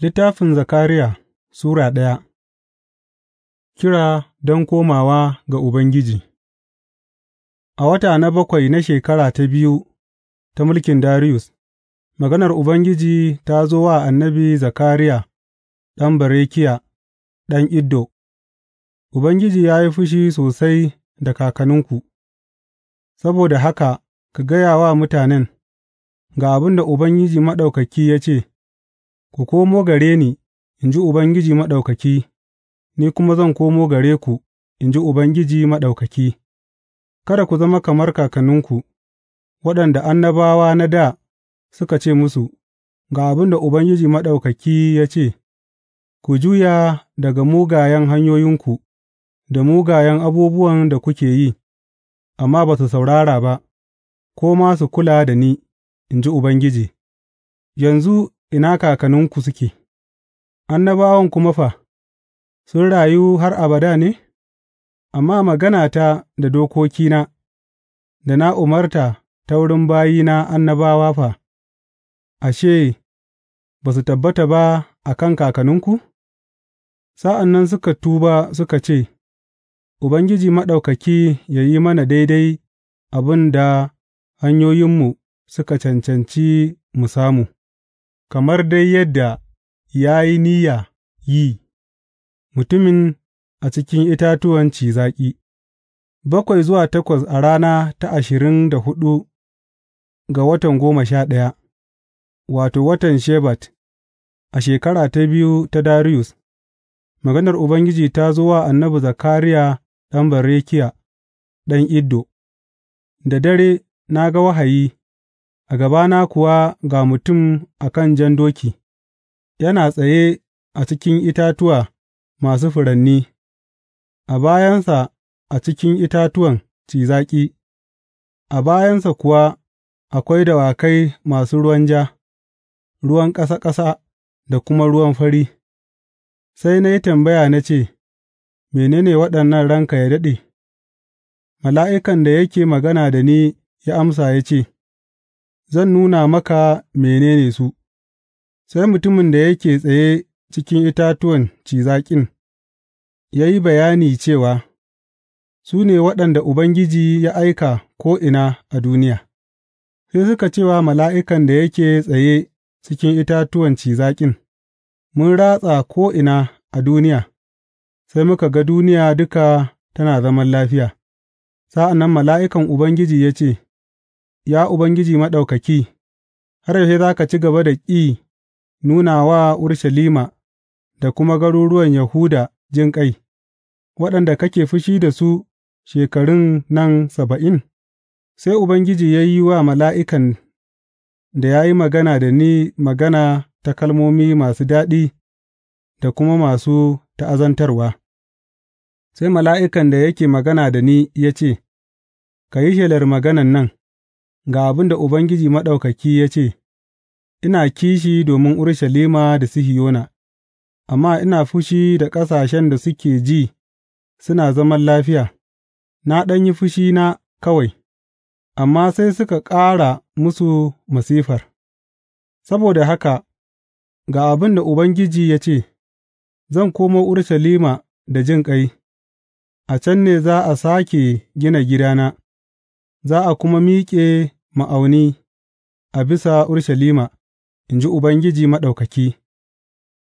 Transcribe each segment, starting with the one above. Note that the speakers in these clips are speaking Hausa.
Littafin Zakariya Sura ɗaya. Kira don komawa ga Ubangiji A wata na bakwai na shekara ta biyu ta mulkin Darius, maganar Ubangiji ta zo wa annabi Zakariya ɗan barekiya ɗan Iddo, Ubangiji ya yi fushi sosai da kakaninku. saboda haka ka gaya wa mutanen, Ga abin da Ubangiji Maɗaukaki ya ce. Ku komo gare ni, in ji Ubangiji Maɗaukaki, ni kuma zan komo gare ku, in ji Ubangiji Maɗaukaki; kada ku zama kamar kakanninku, waɗanda annabawa na da suka ce musu, Ga abin da Ubangiji Maɗaukaki ya ce, Ku juya daga mugayen hanyoyinku da mugayen abubuwan da kuke yi, amma ba su saurara ba, ko ma su kula da ni, in ji Ubangiji. Yanzu ina kakanninku suke, annabawan kuma fa, sun rayu har abada ne, amma maganata da dokokina, da na umarta ta wurin bayina annabawa fa, ashe, ba su tabbata ba a kan kakanninku? Sa'an nan suka tuba suka ce, Ubangiji Maɗaukaki ya yi mana daidai abin da hanyoyinmu suka cancanci mu samu. kamar dai yadda ya yi niyya yi, mutumin a cikin itatuwan ci zaƙi, bakwai zuwa takwas a rana ta ashirin da hudu ga watan goma sha ɗaya, wato, watan Shebat, a shekara ta biyu ta Darius. maganar Ubangiji ta zo wa annabi Zakariya ɗan Barekiya ɗan Iddo, da dare na ga wahayi. a gabana kuwa ga mutum a kan jan doki, yana tsaye a cikin itatuwa masu furanni, a bayansa a cikin itatuwan ci a bayansa kuwa akwai dawakai masu ruwan ja, ruwan ƙasa ƙasa da kuma ruwan fari, sai na yi tambaya na ce, menene waɗannan ranka ya daɗe? Mala'ikan da yake magana da ni ya amsa ya ce, zan nuna maka mene ne su, sai mutumin da yake tsaye cikin itatuwan cizaƙin, ya yi bayani cewa, Su ne waɗanda Ubangiji ya aika ko'ina a duniya, sai suka cewa mala'ikan da yake tsaye cikin itatuwan cizaƙin, Mun ratsa ko'ina a duniya, sai muka ga duniya duka tana zaman lafiya, sa'an nan mala'ikan Ubangiji ya ce, Ya Ubangiji Maɗaukaki, har yaushe za ka ci gaba da ƙi nuna wa Urushalima da kuma garuruwan Yahuda jinƙai, waɗanda kake fushi da su shekarun nan saba'in? Sai Ubangiji ya yi wa mala'ikan da ya yi magana da ni magana ta kalmomi masu daɗi da kuma masu ta'azantarwa. Sai mala'ikan da yake magana da ni ya ce, Ka yi shelar maganan nan. Ga abin da Ubangiji Maɗaukaki ya ce, Ina kishi domin Urushalima da Sihiyona, amma ina fushi da ƙasashen da suke ji suna zaman lafiya, na ɗan yi fushi na kawai, amma sai suka ƙara musu masifar. Saboda haka, ga abin da Ubangiji ya ce, Zan komo Urushalima da jin ƙai. a can ne za a sake gina gidana, za a kuma miƙe ma'auni a bisa Urshalima, in ji Ubangiji Maɗaukaki,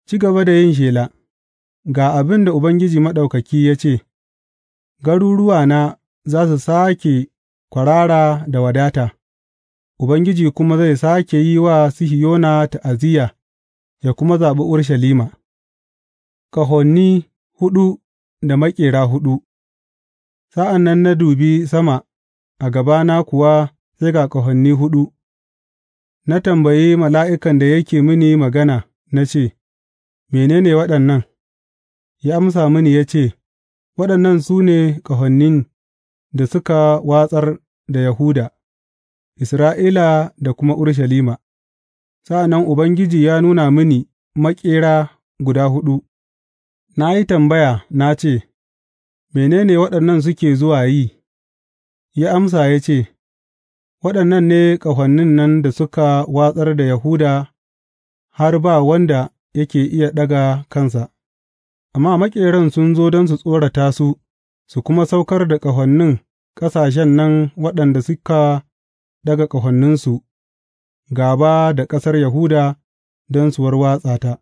ci gaba da yin shela, ga abin da Ubangiji Maɗaukaki ya ce, Garuruwana za su sake kwarara da wadata, Ubangiji kuma zai sake yi wa Sihiyona ta'aziyya ya kuma zaɓi Urshalima. ƙahonni huɗu da maƙera huɗu Sa'an nan na dubi sama, a gabana kuwa sai ga ƙahonni huɗu, na tambayi mala'ikan da yake mini magana na ce, menene waɗannan? Ya amsa mini ya ce, Waɗannan su ne ƙahonnin da suka watsar da Yahuda, Isra'ila da kuma Urushalima. Sa'an nan Ubangiji ya nuna mini maƙera guda huɗu, na yi tambaya na ce, Mene ne waɗannan suke zuwa yi? Ya amsa ya ce, Waɗannan ne ƙahonin nan da suka watsar da Yahuda har ba wanda yake iya ɗaga kansa, amma maƙeran sun zo don su tsorata su, su kuma saukar da ƙahonin ƙasashen nan waɗanda suka ɗaga ƙahoninsu gaba da ƙasar Yahuda don su warwatsa ta.